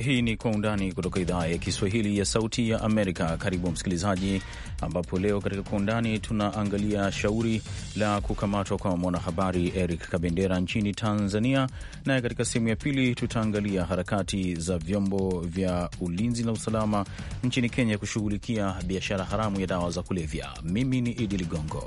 Hii ni Kwa Undani kutoka idhaa ya Kiswahili ya Sauti ya Amerika. Karibu msikilizaji, ambapo leo katika Kwa Undani tunaangalia shauri la kukamatwa kwa mwanahabari Eric Kabendera nchini Tanzania, naye katika sehemu ya pili tutaangalia harakati za vyombo vya ulinzi na usalama nchini Kenya kushughulikia biashara haramu ya dawa za kulevya. Mimi ni Idi Ligongo.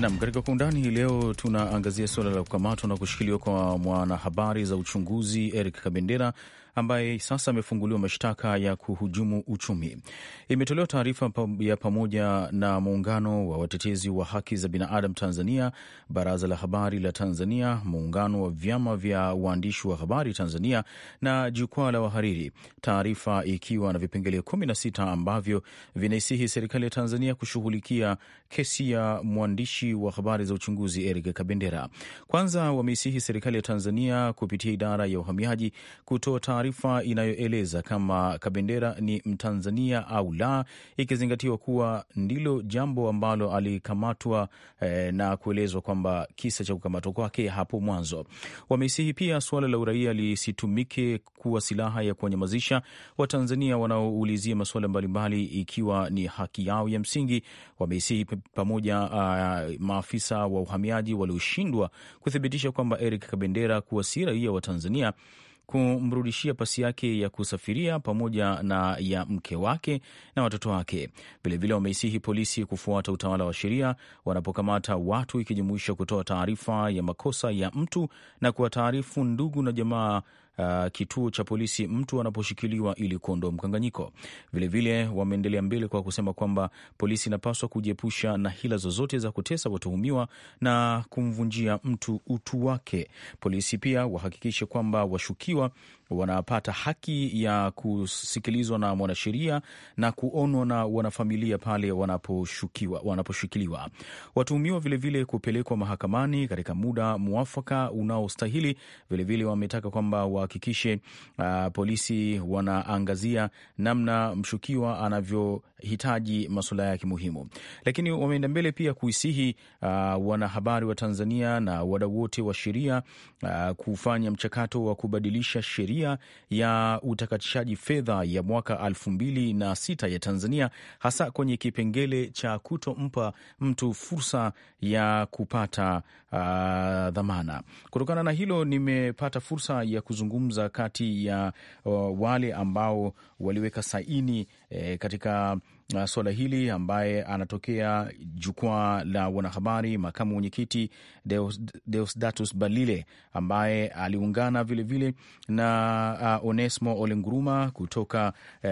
Nam, katika kwa undani hii leo tunaangazia suala la kukamatwa na kushikiliwa kwa mwanahabari za uchunguzi Eric Kabendera ambaye sasa amefunguliwa mashtaka ya kuhujumu uchumi. Imetolewa taarifa ya pamoja na muungano wa watetezi wa haki za binadamu Tanzania, baraza la habari la Tanzania, muungano wa vyama vya waandishi wa habari Tanzania na jukwaa la wahariri, taarifa ikiwa na vipengele 16 ambavyo vinaisihi serikali ya Tanzania kushughulikia kesi ya mwandishi wa habari za uchunguzi Eric Kabendera. Kwanza wameisihi serikali ya Tanzania kupitia idara ya uhamiaji kutoa taarifa inayoeleza kama Kabendera ni Mtanzania au la, ikizingatiwa kuwa ndilo jambo ambalo alikamatwa eh, na kuelezwa kwamba kisa cha kukamatwa kwake hapo mwanzo. Wameisihi pia suala la uraia lisitumike kuwa silaha ya kuwanyamazisha Watanzania wanaoulizia masuala mbalimbali, ikiwa ni haki yao ya msingi. Wameisihi pamoja uh, maafisa wa uhamiaji walioshindwa kuthibitisha kwamba Eric Kabendera kuwa si raia wa Tanzania kumrudishia pasi yake ya kusafiria pamoja na ya mke wake na watoto wake. Vilevile wameisihi polisi kufuata utawala wa sheria wanapokamata watu, ikijumuisha kutoa taarifa ya makosa ya mtu na kuwataarifu ndugu na jamaa uh, kituo cha polisi mtu anaposhikiliwa ili kuondoa mkanganyiko. Vilevile wameendelea mbele kwa kusema kwamba polisi inapaswa kujiepusha na hila zozote za kutesa watuhumiwa na kumvunjia mtu utu wake. Polisi pia wahakikishe kwamba washukiwa wanapata haki ya kusikilizwa na mwanasheria na kuonwa na wanafamilia pale wanaposhukiwa wanaposhikiliwa. Watuhumiwa vilevile kupelekwa mahakamani katika muda mwafaka unaostahili. Vilevile wametaka kwamba wahakikishe uh, polisi wanaangazia namna mshukiwa anavyo hitaji masuala yake muhimu, lakini wameenda mbele pia kuisihi uh, wanahabari wa Tanzania na wadau wote wa sheria uh, kufanya mchakato wa kubadilisha sheria ya utakatishaji fedha ya mwaka elfu mbili na sita ya Tanzania, hasa kwenye kipengele cha kutompa mtu fursa ya kupata uh, dhamana. Kutokana na hilo, nimepata fursa ya kuzungumza kati ya uh, wale ambao waliweka saini e, katika suala hili ambaye anatokea jukwaa la wanahabari, makamu mwenyekiti Deus, Deusdatus Balile ambaye aliungana vilevile vile na uh, Onesmo Olenguruma kutoka uh,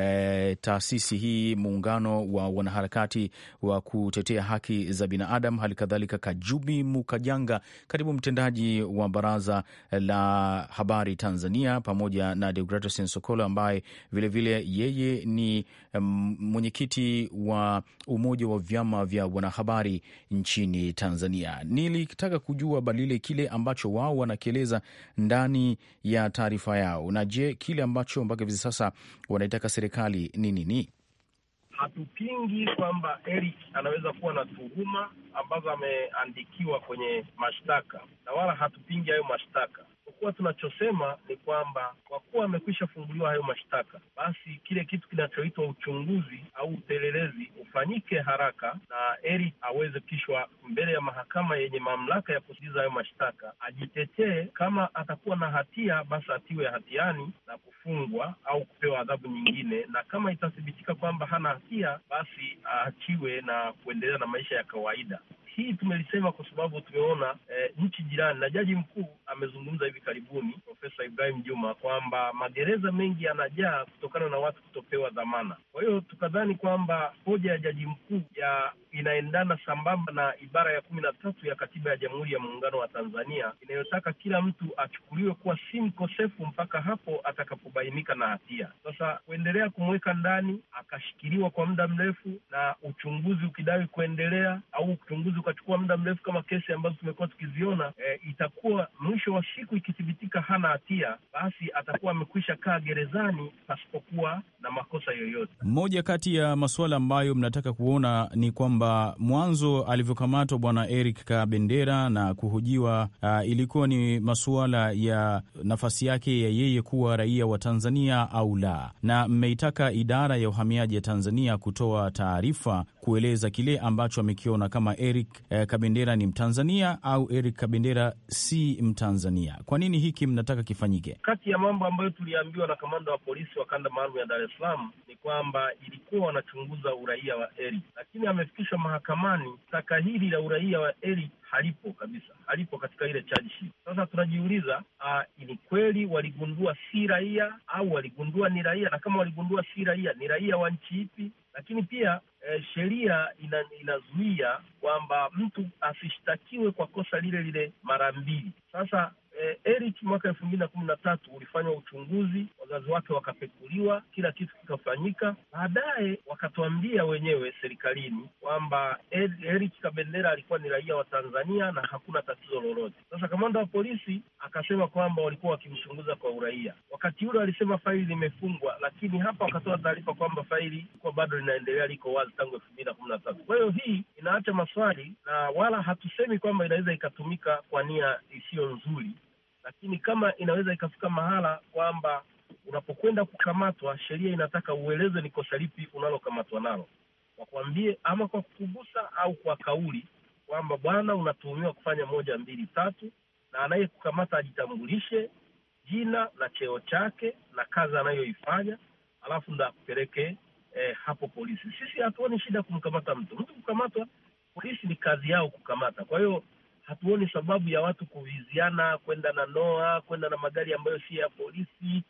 taasisi hii, muungano wa wanaharakati wa kutetea haki za binadamu, hali kadhalika Kajubi Mukajanga, katibu mtendaji wa baraza la habari Tanzania, pamoja na Deogratias Nsokola ambaye vilevile vile yeye ni um, mwenyekiti wa Umoja wa Vyama vya Wanahabari nchini Tanzania. Nilitaka kujua Balile kile ambacho wao wanakieleza ndani ya taarifa yao, na je, kile ambacho mpaka hivi sasa wanaitaka serikali ni nini? Hatupingi kwamba Eric anaweza kuwa na tuhuma ambazo ameandikiwa kwenye mashtaka na wala hatupingi hayo mashtaka, isipokuwa tunachosema ni kwamba kwa kuwa amekwisha funguliwa hayo mashtaka, basi kile kitu kinachoitwa uchunguzi au upelelezi ufanyike haraka na Eric aweze kishwa mbele ya mahakama yenye mamlaka ya kusikiliza hayo mashtaka, ajitetee. Kama atakuwa na hatia, basi atiwe hatiani na kufungwa au kupewa adhabu nyingine, na kama itathibitika kwamba hana hatia, basi aachiwe na kuendelea na maisha ya kawaida. Hii tumelisema kwa sababu tumeona eh, nchi jirani na jaji mkuu amezungumza hivi karibuni, Profesa Ibrahim Juma, kwamba magereza mengi yanajaa kutokana na watu kutopewa dhamana. Kwa hiyo tukadhani kwamba hoja ya jaji mkuu ya inaendana sambamba na ibara ya kumi na tatu ya katiba ya Jamhuri ya Muungano wa Tanzania inayotaka kila mtu achukuliwe kuwa si mkosefu mpaka hapo atakapobainika na hatia. Sasa kuendelea kumweka ndani akashikiliwa kwa muda mrefu na uchunguzi ukidai kuendelea au uchunguzi ukachukua muda mrefu kama kesi ambazo tumekuwa tukiziona, e, itakuwa mwisho wa siku ikithibitika hana hatia, basi atakuwa amekwisha kaa gerezani pasipokuwa na makosa yoyote. Moja kati ya masuala ambayo mnataka kuona ni kwamba mwanzo alivyokamatwa Bwana Eric Kabendera na kuhojiwa, uh, ilikuwa ni masuala ya nafasi yake ya yeye kuwa raia wa Tanzania au la, na mmeitaka idara ya uhamiaji ya Tanzania kutoa taarifa kueleza kile ambacho amekiona kama Eric eh, Kabendera ni Mtanzania au Eric Kabendera si Mtanzania? Kwa nini hiki mnataka kifanyike? Kati ya mambo ambayo tuliambiwa na kamanda wa polisi wa kanda maalum ya Dar es Salaam ni kwamba ilikuwa wanachunguza uraia wa Eric, lakini amefikishwa mahakamani, saka hili la uraia wa Eric halipo kabisa, halipo katika ile charge sheet. Sasa tunajiuliza uh, ni kweli waligundua si raia au waligundua ni raia? Na kama waligundua si raia, ni raia wa nchi ipi? lakini pia e, sheria ina, inazuia kwamba mtu asishtakiwe kwa kosa lile lile mara mbili. Sasa eh, Eric mwaka elfu mbili na kumi na tatu ulifanywa uchunguzi, wazazi wake wakapekuliwa, kila kitu kikafanyika. Baadaye wakatuambia wenyewe serikalini kwamba Eric Kabendera alikuwa ni raia wa Tanzania na hakuna tatizo lolote. Sasa kamanda wa polisi akasema kwamba walikuwa wakimchunguza kwa uraia. Wakati ule alisema faili limefungwa, lakini hapa wakatoa taarifa kwamba faili ilikuwa bado linaendelea liko wazi tangu elfu mbili na kumi na tatu. Kwa hiyo hii inaacha maswali na wala hatusemi kwamba inaweza ikatumika kwa nia isiyo nzuri lakini kama inaweza ikafika mahala kwamba unapokwenda kukamatwa, sheria inataka ueleze ni kosa lipi unalokamatwa nalo, wakuambie ama kwa kukugusa au kwa kauli kwamba bwana, unatuhumiwa kufanya moja mbili tatu, na anayekukamata ajitambulishe jina na cheo chake na kazi anayoifanya, alafu ndo akupeleke eh, hapo polisi. Sisi hatuoni shida kumkamata mtu. Mtu kukamatwa, polisi ni kazi yao kukamata. Kwa hiyo hatuoni sababu ya watu kuviziana, kwenda na noa, kwenda na magari ambayo si ya polisi,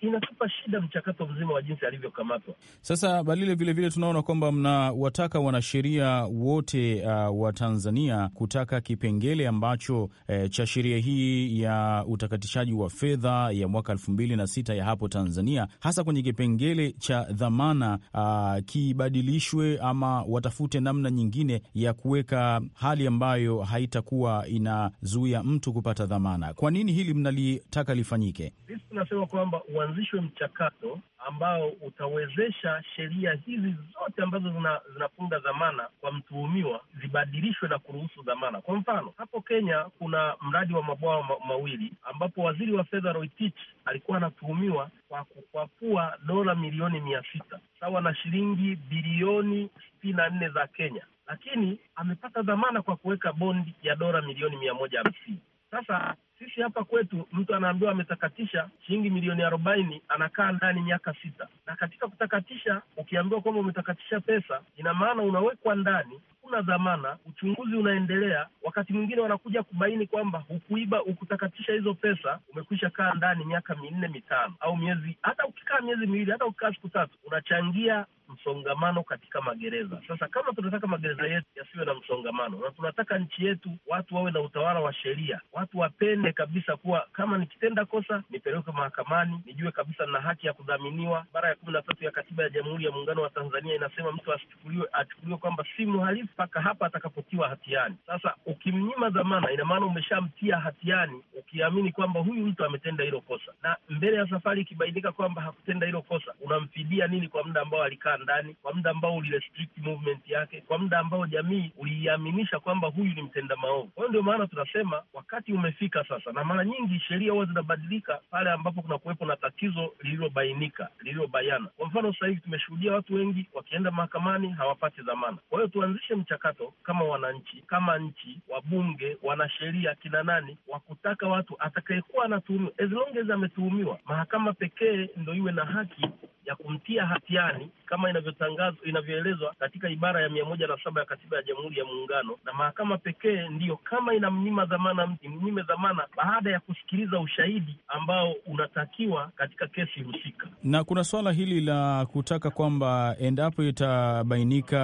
inatupa shida mchakato mzima wa jinsi alivyokamatwa. Sasa Balile, vilevile tunaona kwamba mnawataka wanasheria wote uh, wa Tanzania kutaka kipengele ambacho eh, cha sheria hii ya utakatishaji wa fedha ya mwaka elfu mbili na sita ya hapo Tanzania, hasa kwenye kipengele cha dhamana uh, kibadilishwe ama watafute namna nyingine ya kuweka hali ambayo haitakuwa inazuia mtu kupata dhamana. Kwa nini hili mnalitaka lifanyike? Sisi tunasema kwamba kwamba uanzishwe mchakato ambao utawezesha sheria hizi zote ambazo zina, zinafunga dhamana kwa mtuhumiwa zibadilishwe na kuruhusu dhamana. Kwa mfano, hapo Kenya kuna mradi wa mabwawa ma, mawili ambapo waziri wa fedha Roitich alikuwa anatuhumiwa kwa kukwapua dola milioni mia sita sawa na shilingi bilioni sitini na nne za Kenya, lakini amepata dhamana kwa kuweka bondi ya dola milioni mia moja hamsini. Sasa sisi hapa kwetu mtu anaambiwa ametakatisha shilingi milioni arobaini, anakaa ndani miaka sita. Na katika kutakatisha, ukiambiwa kwamba umetakatisha pesa, ina maana unawekwa ndani hakuna dhamana, uchunguzi unaendelea. Wakati mwingine wanakuja kubaini kwamba hukuiba, hukutakatisha hizo pesa, umekwisha kaa ndani miaka minne mitano au miezi, hata ukikaa miezi miwili, hata ukikaa siku tatu, unachangia msongamano katika magereza. Sasa kama tunataka magereza yetu yasiwe na msongamano na tunataka nchi yetu watu wawe na utawala wa sheria, watu wapende kabisa kuwa kama nikitenda kosa nipelekwe mahakamani, nijue kabisa nina haki ya kudhaminiwa. Ibara ya kumi na tatu ya Katiba ya Jamhuri ya Muungano wa Tanzania inasema mtu asichukuliwe, achukuliwe kwamba si mhalifu mpaka hapa atakapotiwa hatiani. Sasa ukimnyima dhamana, ina maana umeshamtia hatiani, ukiamini kwamba huyu mtu ametenda hilo kosa, na mbele ya safari ikibainika kwamba hakutenda hilo kosa, unamfidia nini kwa muda ambao alikaa ndani, kwa muda ambao ulirestrict movement yake, kwa muda ambao jamii uliiaminisha kwamba huyu ni mtenda maovu. Kwa hiyo ndio maana tunasema wakati umefika sasa, na mara nyingi sheria huwa zinabadilika pale ambapo kuna kuwepo na tatizo lililobainika, lililobayana. Kwa mfano, sasa hivi tumeshuhudia watu wengi wakienda mahakamani hawapati dhamana. Kwa hiyo tuanzishe mchakato kama wananchi, kama nchi, wabunge, wanasheria, kina nani wa kutaka watu atakayekuwa anatuhumiwa, as long as ametuhumiwa, mahakama pekee ndo iwe na haki ya kumtia hatiani kama inavyotangazwa inavyoelezwa katika ibara ya mia moja na saba ya katiba ya Jamhuri ya Muungano, na mahakama pekee ndiyo kama inamnyima dhamana mtu mnyime dhamana baada ya kusikiliza ushahidi ambao unatakiwa katika kesi husika. Na kuna swala hili la kutaka kwamba endapo itabainika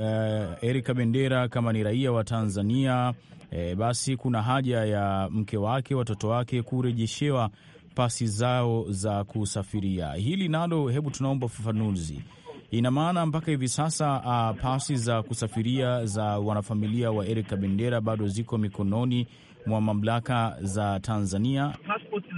eh, Eric Kabendera kama ni raia wa Tanzania eh, basi kuna haja ya mke wake, watoto wake kurejeshewa pasi zao za kusafiria. Hili nalo, hebu tunaomba ufafanuzi. Ina maana mpaka hivi sasa uh, pasi za kusafiria za wanafamilia wa Eric Kabendera bado ziko mikononi mwa mamlaka za Tanzania? Passport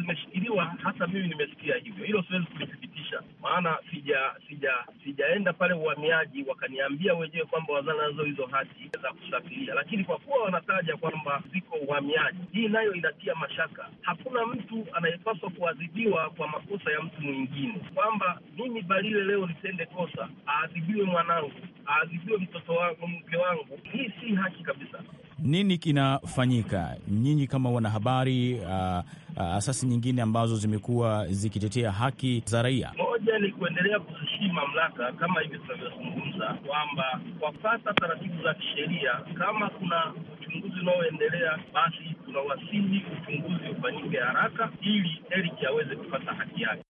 inadaiwa, hasa mimi nimesikia hivyo, hilo siwezi kulithibitisha, maana sija sija sijaenda pale uhamiaji wakaniambia wenyewe kwamba wazana nazo hizo hati za kusafiria, lakini kwa kuwa wanataja kwamba ziko uhamiaji, hii nayo inatia mashaka. Hakuna mtu anayepaswa kuadhibiwa kwa makosa ya mtu mwingine, kwamba mimi Balile leo nitende kosa aadhibiwe mwanangu, aadhibiwe mtoto wangu, mke wangu. Hii si haki kabisa nini kinafanyika nyinyi kama wanahabari uh, uh, asasi nyingine ambazo zimekuwa zikitetea haki za raia? Moja ni kuendelea kuzishii mamlaka kama hivi tunavyozungumza, kwamba kwa sasa taratibu za kisheria, kama kuna uchunguzi unaoendelea, basi tunawasihi uchunguzi ufanyike haraka ili Eric aweze kupata haki yake.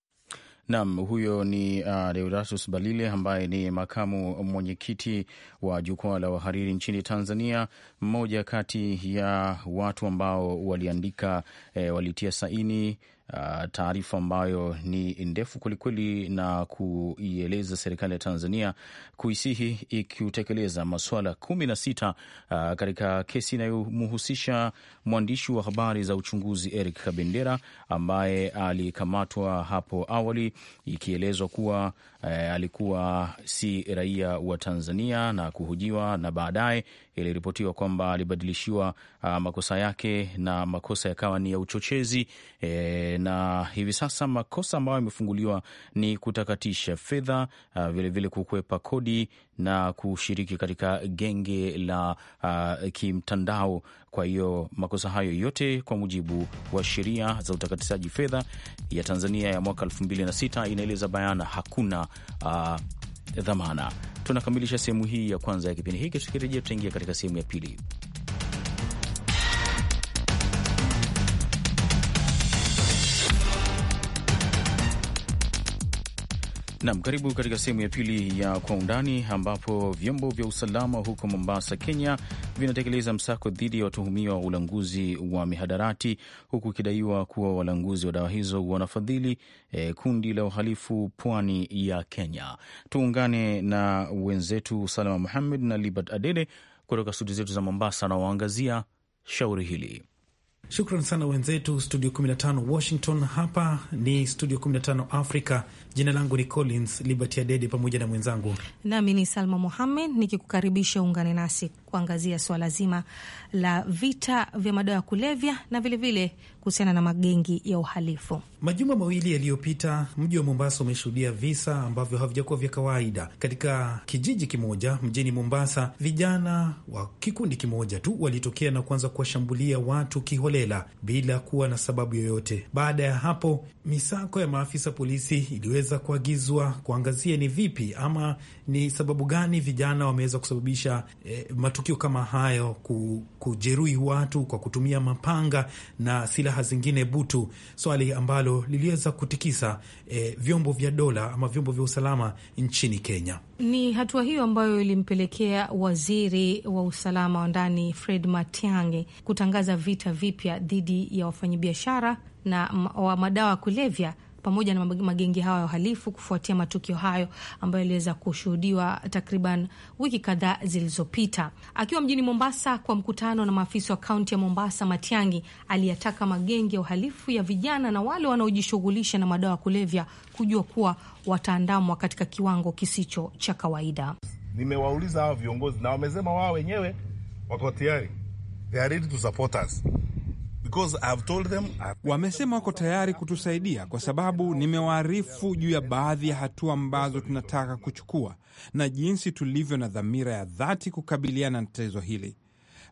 Naam, huyo ni uh, Deodatus Balile ambaye ni makamu mwenyekiti wa jukwaa la wahariri nchini Tanzania, mmoja kati ya watu ambao waliandika eh, walitia saini uh, taarifa ambayo ni ndefu kwelikweli na kuieleza serikali ya Tanzania kuisihi ikiutekeleza masuala kumi na sita uh, katika kesi inayomhusisha mwandishi wa habari za uchunguzi Eric Kabendera ambaye alikamatwa hapo awali ikielezwa kuwa eh, alikuwa si raia wa Tanzania na kuhojiwa, na baadaye iliripotiwa kwamba alibadilishiwa uh, makosa yake na makosa yakawa ni ya uchochezi eh, na hivi sasa makosa ambayo yamefunguliwa ni kutakatisha fedha, vilevile ah, kukwepa kodi na kushiriki katika genge la uh, kimtandao. Kwa hiyo makosa hayo yote kwa mujibu wa sheria za utakatishaji fedha ya Tanzania ya mwaka 2006 inaeleza bayana hakuna uh, dhamana. Tunakamilisha sehemu hii ya kwanza ya kipindi hiki. Tukirejea tutaingia katika sehemu ya pili. Nam, karibu katika sehemu ya pili ya Kwa Undani, ambapo vyombo vya usalama huko Mombasa, Kenya vinatekeleza msako dhidi ya watuhumiwa wa ulanguzi wa mihadarati, huku ikidaiwa kuwa walanguzi wa dawa hizo wanafadhili eh, kundi la uhalifu pwani ya Kenya. Tuungane na wenzetu Salama Muhamed na Libert Adede kutoka studio zetu za Mombasa, anawaangazia shauri hili. Shukran sana wenzetu studio 15 Washington. Hapa ni studio 15 Africa. Jina langu ni Collins Liberty Adede pamoja na mwenzangu nami ni Salma Mohammed nikikukaribisha uungane nasi kuangazia swala zima la vita vya madawa ya kulevya na vilevile kuhusiana na magengi ya uhalifu. Majuma mawili yaliyopita, mji wa Mombasa umeshuhudia visa ambavyo havijakuwa vya kawaida. Katika kijiji kimoja mjini Mombasa, vijana wa kikundi kimoja tu walitokea na kuanza kuwashambulia watu kiholela bila kuwa na sababu yoyote. Baada ya hapo, misako ya maafisa polisi iliweza kuagizwa kuangazia ni vipi ama ni sababu gani vijana wameweza kusababisha eh, matukio kama hayo, kujeruhi watu kwa kutumia mapanga na silaha silaha zingine butu, swali ambalo liliweza kutikisa eh, vyombo vya dola ama vyombo vya usalama nchini Kenya. Ni hatua hiyo ambayo ilimpelekea waziri wa usalama wa ndani Fred Matiang'i kutangaza vita vipya dhidi ya wafanyabiashara na wa madawa kulevya pamoja na magenge hawa ya uhalifu kufuatia matukio hayo ambayo yaliweza kushuhudiwa takriban wiki kadhaa zilizopita. Akiwa mjini Mombasa kwa mkutano na maafisa wa kaunti ya Mombasa, Matiangi aliyataka magenge ya uhalifu ya vijana na wale wanaojishughulisha na madawa ya kulevya kujua kuwa wataandamwa katika kiwango kisicho cha kawaida. Nimewauliza hawa viongozi na wamesema wao wenyewe wako tayari, they are ready to support us wamesema wako tayari kutusaidia kwa sababu nimewaarifu juu ya baadhi ya hatua ambazo tunataka kuchukua na jinsi tulivyo na dhamira ya dhati kukabiliana na tatizo hili.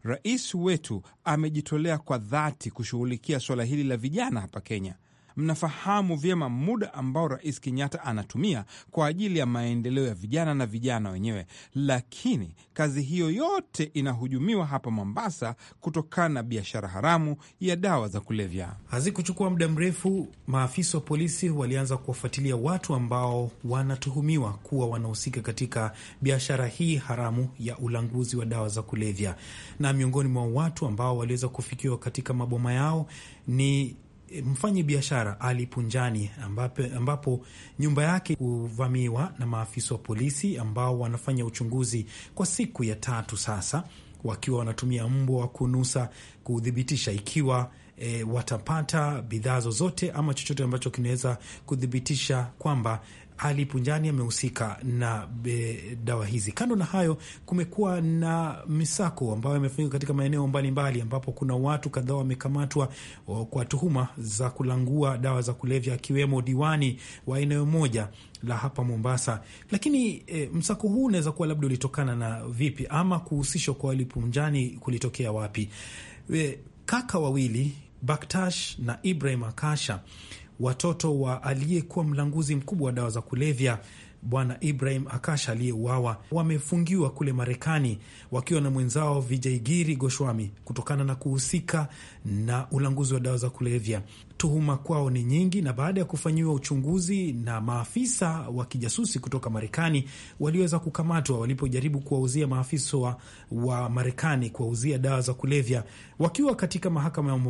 Rais wetu amejitolea kwa dhati kushughulikia suala hili la vijana hapa Kenya mnafahamu vyema muda ambao Rais Kenyatta anatumia kwa ajili ya maendeleo ya vijana na vijana wenyewe, lakini kazi hiyo yote inahujumiwa hapa Mombasa kutokana na biashara haramu ya dawa za kulevya. Hazikuchukua muda mrefu, maafisa wa polisi walianza kuwafuatilia watu ambao wanatuhumiwa kuwa wanahusika katika biashara hii haramu ya ulanguzi wa dawa za kulevya, na miongoni mwa watu ambao waliweza kufikiwa katika maboma yao ni mfanyi biashara Ali Punjani ambapo, ambapo nyumba yake huvamiwa na maafisa wa polisi ambao wanafanya uchunguzi kwa siku ya tatu sasa, wakiwa wanatumia mbwa wa kunusa kuthibitisha ikiwa E, watapata bidhaa zozote ama chochote ambacho kinaweza kuthibitisha kwamba ali Punjani amehusika na e, dawa hizi. Kando na hayo, kumekuwa na misako ambayo imefanyika katika maeneo mbalimbali, ambapo kuna watu kadhaa wamekamatwa kwa tuhuma za kulangua dawa za kulevya, akiwemo diwani wa eneo moja la hapa Mombasa. Lakini e, msako huu unaweza kuwa labda ulitokana na vipi, ama kuhusishwa kwa Ali Punjani kulitokea wapi? E, kaka wawili Baktash na Ibrahim Akasha watoto wa aliyekuwa mlanguzi mkubwa wa dawa za kulevya Bwana Ibrahim Akasha aliyeuawa wamefungiwa kule Marekani wakiwa na mwenzao Vijay Giri Goshwami kutokana na kuhusika na ulanguzi wa dawa za kulevya. Tuhuma kwao ni nyingi, na baada ya kufanyiwa uchunguzi na maafisa wa kijasusi kutoka Marekani, waliweza kukamatwa walipojaribu kuwauzia maafisa wa, wa Marekani kuwauzia dawa za kulevya wakiwa katika mahakama ya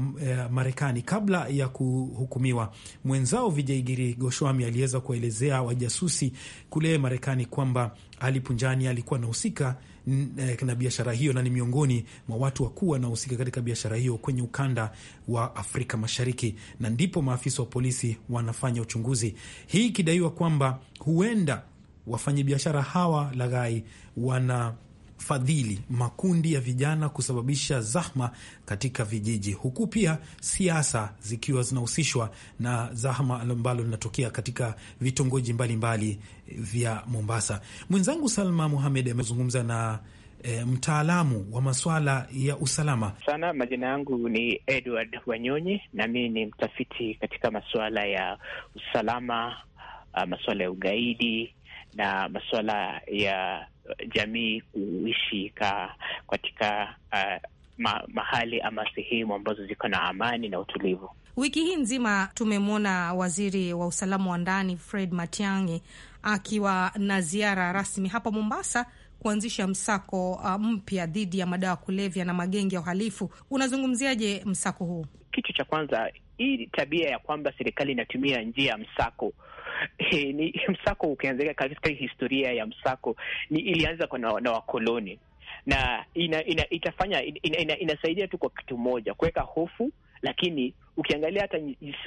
eh, Marekani kabla ya kuhukumiwa. Mwenzao Vijay Giri Goswami aliweza kuwaelezea wajasusi kule Marekani kwamba Ali Punjani alikuwa anahusika Eh, na biashara hiyo na ni miongoni mwa watu wakuu wanaohusika katika biashara hiyo kwenye ukanda wa Afrika Mashariki, na ndipo maafisa wa polisi wanafanya uchunguzi, hii ikidaiwa kwamba huenda wafanyabiashara hawa laghai wana fadhili makundi ya vijana kusababisha zahma katika vijiji, huku pia siasa zikiwa zinahusishwa na zahma ambalo linatokea katika vitongoji mbalimbali vya Mombasa. Mwenzangu Salma Muhamed amezungumza na E, mtaalamu wa masuala ya usalama sana. Majina yangu ni Edward Wanyonyi na mii ni mtafiti katika masuala ya usalama, ah, masuala ya ugaidi na masuala ya jamii kuishi ka, katika uh, ma, mahali ama sehemu ambazo ziko na amani na utulivu. Wiki hii nzima tumemwona waziri wa usalama wa ndani Fred Matiang'i akiwa na ziara rasmi hapa Mombasa kuanzisha msako uh, mpya dhidi ya madawa ya kulevya na magenge ya uhalifu. Unazungumziaje msako huu? Kitu cha kwanza, hii tabia ya kwamba serikali inatumia njia ya msako He, eh, ni msako ukianzia katika historia ya msako ni ilianza kwa na, na wakoloni na ina, ina, itafanya ina, ina, inasaidia tu kwa kitu moja kuweka hofu, lakini ukiangalia hata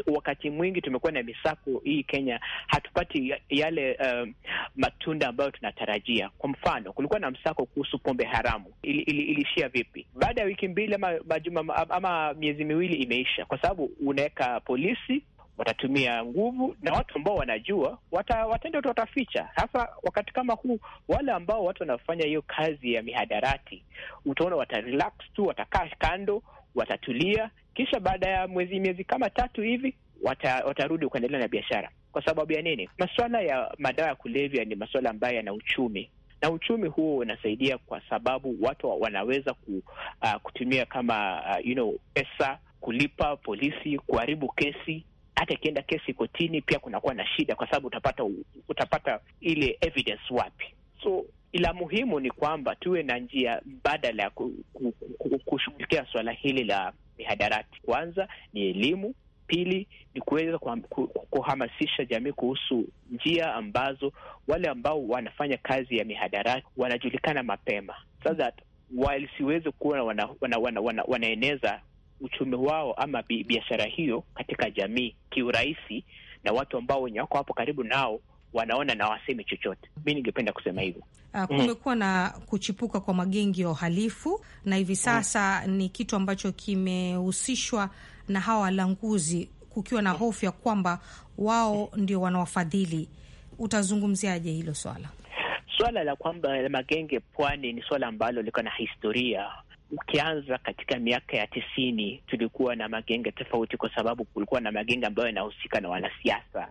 wakati mwingi tumekuwa na misako hii Kenya, hatupati yale um, matunda ambayo tunatarajia. Kwa mfano, kulikuwa na msako kuhusu pombe haramu. Ili, ili, ilishia vipi? Baada ya wiki mbili ama, ama, ama miezi miwili imeisha, kwa sababu unaweka polisi watatumia nguvu na watu ambao wanajua wata, watenda tu wataficha. Hasa wakati kama huu, wale ambao watu wanafanya hiyo kazi ya mihadarati, utaona wata tu, watakaa kando, watatulia, kisha baada ya mwezi miezi kama tatu hivi wata, watarudi kuendelea na biashara. Kwa sababu ya nini? Masuala ya madawa ya kulevya ni masuala ambayo yana uchumi na uchumi huo unasaidia kwa sababu watu wanaweza ku, uh, kutumia kama uh, you know, pesa kulipa polisi, kuharibu kesi hata ikienda kesi kotini pia kunakuwa na shida, kwa sababu utapata utapata ile evidence wapi? So la muhimu ni kwamba tuwe na njia mbadala ya kushughulikia swala hili la mihadarati. Kwanza ni elimu, pili ni kuweza kuhamasisha jamii kuhusu njia ambazo wale ambao wanafanya kazi ya mihadarati wanajulikana mapema, sasa kuona kuwa wana, wana, wana, wana, wanaeneza uchumi wao ama biashara hiyo katika jamii kiurahisi, na watu ambao wenye wako hapo karibu nao wanaona na waseme chochote. Mi ningependa kusema hivyo. Uh, kumekuwa mm. na kuchipuka kwa magengi ya uhalifu na hivi mm. sasa mm. ni kitu ambacho kimehusishwa na hawa walanguzi, kukiwa na mm. hofu ya kwamba wao mm. ndio wanawafadhili. Utazungumziaje hilo swala? Swala la kwamba la magenge pwani ni swala ambalo liko na historia ukianza katika miaka ya tisini tulikuwa na magenge tofauti, kwa sababu kulikuwa na magenge ambayo yanahusika na wanasiasa.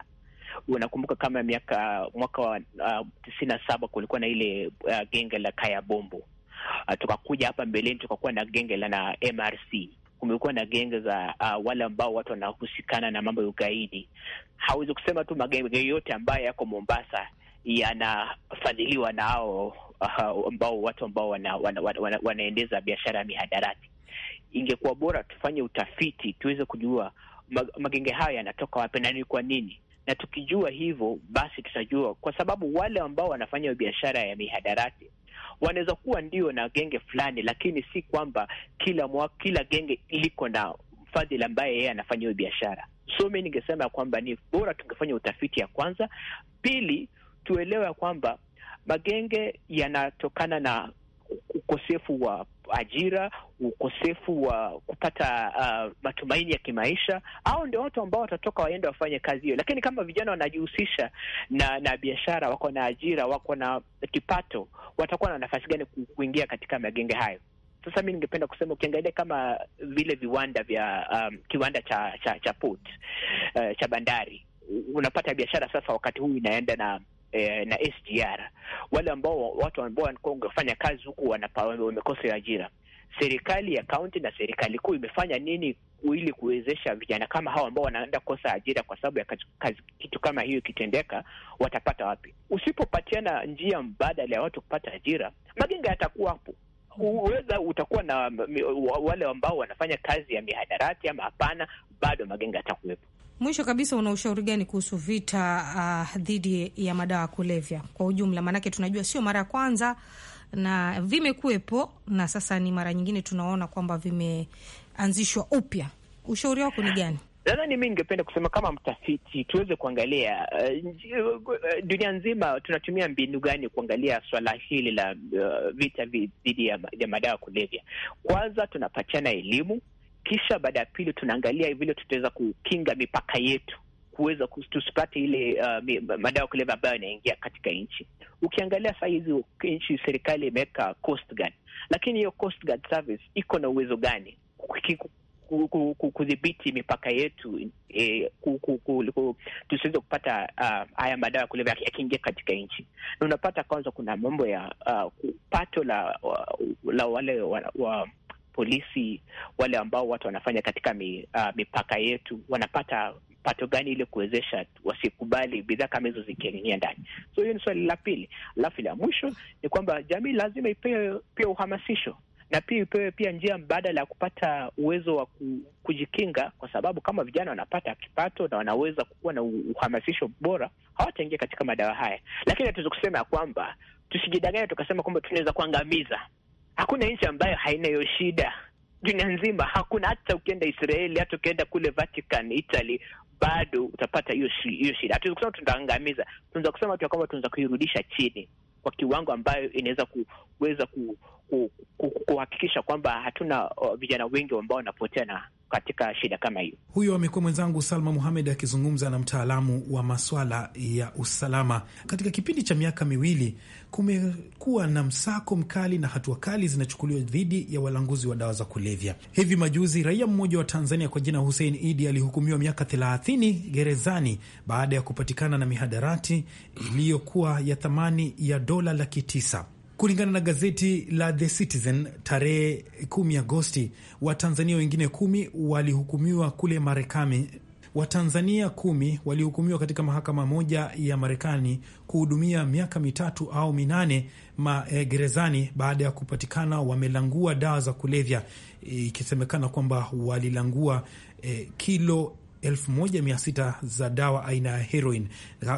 Unakumbuka kama miaka mwaka wa uh, tisini na saba kulikuwa na ile uh, genge la Kaya Bombo. Uh, tukakuja hapa mbeleni tukakuwa na genge la na MRC kumekuwa na genge za uh, wale ambao watu wanahusikana na mambo ya ugaidi. Hawezi kusema tu magenge yote ambayo yako Mombasa yanafadhiliwa nao uh, ambao watu ambao wanaendeza wana, wana, wana biashara ya mihadarati. Ingekuwa bora tufanye utafiti tuweze kujua mag, magenge hayo yanatoka wapi na ni kwa nini, na tukijua hivyo basi tutajua, kwa sababu wale ambao wanafanya biashara ya mihadarati wanaweza kuwa ndio na genge fulani, lakini si kwamba kila mwa, kila genge liko na mfadhili ambaye yeye anafanya hiyo biashara. So mi ningesema ya kwamba ni bora tungefanya utafiti ya kwanza. Pili, tuelewe ya kwamba magenge yanatokana na ukosefu wa ajira, ukosefu wa kupata uh, matumaini ya kimaisha, au ndio watu ambao watatoka waende wafanye kazi hiyo. Lakini kama vijana wanajihusisha na na biashara, wako na ajira, wako na kipato, watakuwa na nafasi gani kuingia katika magenge hayo? Sasa mi ningependa kusema ukiangalia kama vile viwanda vya um, kiwanda cha cha cha port uh, cha bandari, unapata biashara sasa wakati huu inaenda na eh, na SGR wale ambao watu ambao walikuwa wangefanya kazi huku wamekosa ajira. Serikali ya kaunti na serikali kuu imefanya nini ili kuwezesha vijana kama hao ambao wanaenda kukosa ajira kwa sababu ya kazi, kazi, kitu kama hiyo ikitendeka, watapata wapi? Usipopatiana njia mbadala ya watu kupata ajira, magenge yatakuwa hapo. Uweza utakuwa na wale ambao wanafanya kazi ya mihadarati ama hapana, bado magenga yatakuwepo. Mwisho kabisa, una ushauri gani kuhusu vita uh, dhidi ya madawa kulevya kwa ujumla? Maanake tunajua sio mara ya kwanza na vimekuwepo na sasa ni mara nyingine tunaona kwamba vimeanzishwa upya. Ushauri wako ni gani? Nadhani mi ningependa kusema kama mtafiti, tuweze kuangalia uh, dunia nzima tunatumia mbinu gani kuangalia swala hili la uh, vita dhidi ya madawa kulevya. Kwanza tunapatiana elimu kisha baada ya pili, tunaangalia vile tutaweza kukinga mipaka yetu kuweza tusipate ile uh, madawa kulevya ambayo yanaingia katika nchi. Ukiangalia saa hizi nchi, serikali imeweka coast guard, lakini hiyo coast guard service iko na uwezo gani kudhibiti mipaka yetu e, tusiweze kupata uh, haya uh, madawa kulevya yakiingia katika nchi? Na unapata kwanza kuna mambo ya uh, pato la, uh, la wale wa, wa, polisi wale ambao watu wanafanya katika mi, uh, mipaka yetu wanapata pato gani ili kuwezesha wasikubali bidhaa kama hizo zikiingia ndani. So hiyo ni swali la pili. Alafu la mwisho ni kwamba jamii lazima ipewe pia uhamasisho na pia ipewe pia njia mbadala ya kupata uwezo wa kujikinga, kwa sababu kama vijana wanapata kipato na wanaweza kuwa na uhamasisho bora, hawataingia katika madawa haya. Lakini hatuwezi kusema ya kwamba, tusijidanganye tukasema kwamba tunaweza kuangamiza Hakuna nchi ambayo haina hiyo shida dunia nzima, hakuna. Hata ukienda Israeli, hata ukienda kule Vatican, Italy, bado utapata hiyo shida. Hatuwezi kusema tutaangamiza, tunaweza kusema tu kwamba tunaweza kuirudisha chini kwa kiwango ambayo inaweza kuweza ku, kuhakikisha kwamba hatuna uh, vijana wengi ambao wanapotea na katika shida kama hiyo. Huyo amekuwa mwenzangu Salma Muhamed akizungumza na mtaalamu wa maswala ya usalama. Katika kipindi cha miaka miwili kumekuwa na msako mkali na hatua kali zinachukuliwa dhidi ya walanguzi wa dawa za kulevya. Hivi majuzi raia mmoja wa Tanzania kwa jina Hussein Idi alihukumiwa miaka 30 gerezani baada ya kupatikana na mihadarati iliyokuwa ya thamani ya dola laki tisa. Kulingana na gazeti la The Citizen tarehe 10 Agosti, Watanzania wengine kumi walihukumiwa kule Marekani. Watanzania kumi walihukumiwa katika mahakama moja ya Marekani kuhudumia miaka mitatu au minane magerezani eh, baada ya kupatikana wamelangua dawa za kulevya, ikisemekana kwamba walilangua eh, kilo 1600 za dawa aina ya heroin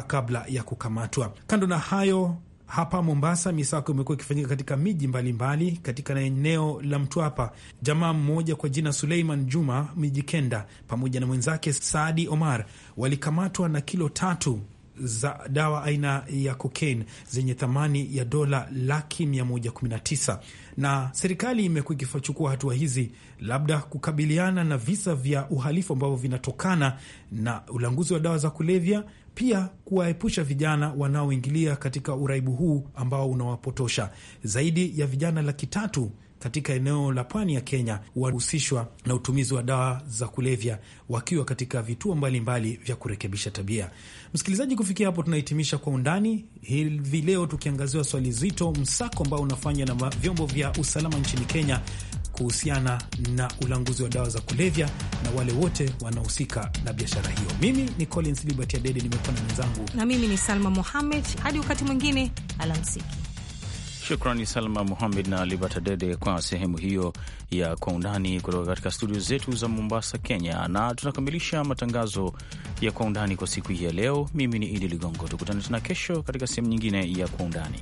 kabla ya kukamatwa. Kando na hayo hapa Mombasa, misako imekuwa ikifanyika katika miji mbalimbali mbali, katika eneo la Mtwapa. Jamaa mmoja kwa jina Suleiman Juma Mijikenda pamoja na mwenzake Saadi Omar walikamatwa na kilo tatu za dawa aina ya kokaini zenye thamani ya dola laki 119 na serikali imekuwa ikichukua hatua hizi labda kukabiliana na visa vya uhalifu ambavyo vinatokana na ulanguzi wa dawa za kulevya pia kuwaepusha vijana wanaoingilia katika uraibu huu ambao unawapotosha. Zaidi ya vijana laki tatu katika eneo la pwani ya Kenya wahusishwa na utumizi wa dawa za kulevya wakiwa katika vituo mbalimbali mbali vya kurekebisha tabia. Msikilizaji, kufikia hapo tunahitimisha Kwa Undani hivi leo, tukiangaziwa swali zito, msako ambao unafanywa na vyombo vya usalama nchini Kenya kuhusiana na ulanguzi wa dawa za kulevya na wale wote wanahusika na biashara hiyo. Mimi ni Collins Liberty Adede, nimekuwa na mwenzangu, na mimi ni Salma Mohamed. Hadi wakati mwingine, alamsiki. Shukrani Salma Muhamed na Libata Dede kwa sehemu hiyo ya Kwa Undani kutoka katika studio zetu za Mombasa, Kenya. Na tunakamilisha matangazo ya Kwa Undani kwa siku hii ya leo. Mimi ni Idi Ligongo, tukutane tena kesho katika sehemu nyingine ya Kwa Undani.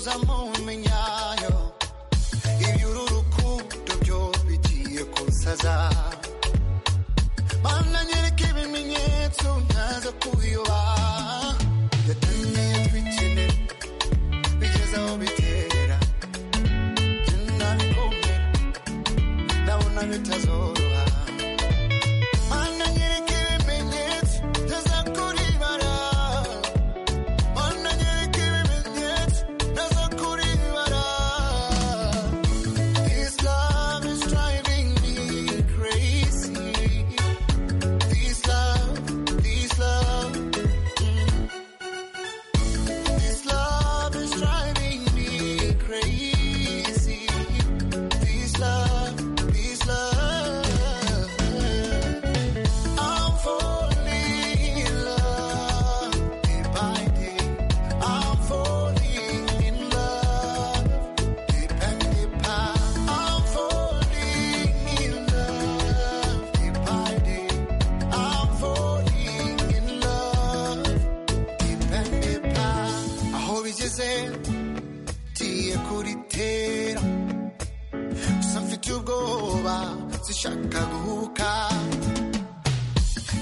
I'm iby'uru rukundo mana nyereka ibimenyetso ntaza kubiyoba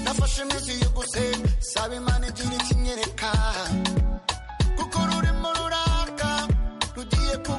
nafashe iminsi yo guse saba imana igira ikinyereka kuko rurimo ruraka rugiye kuba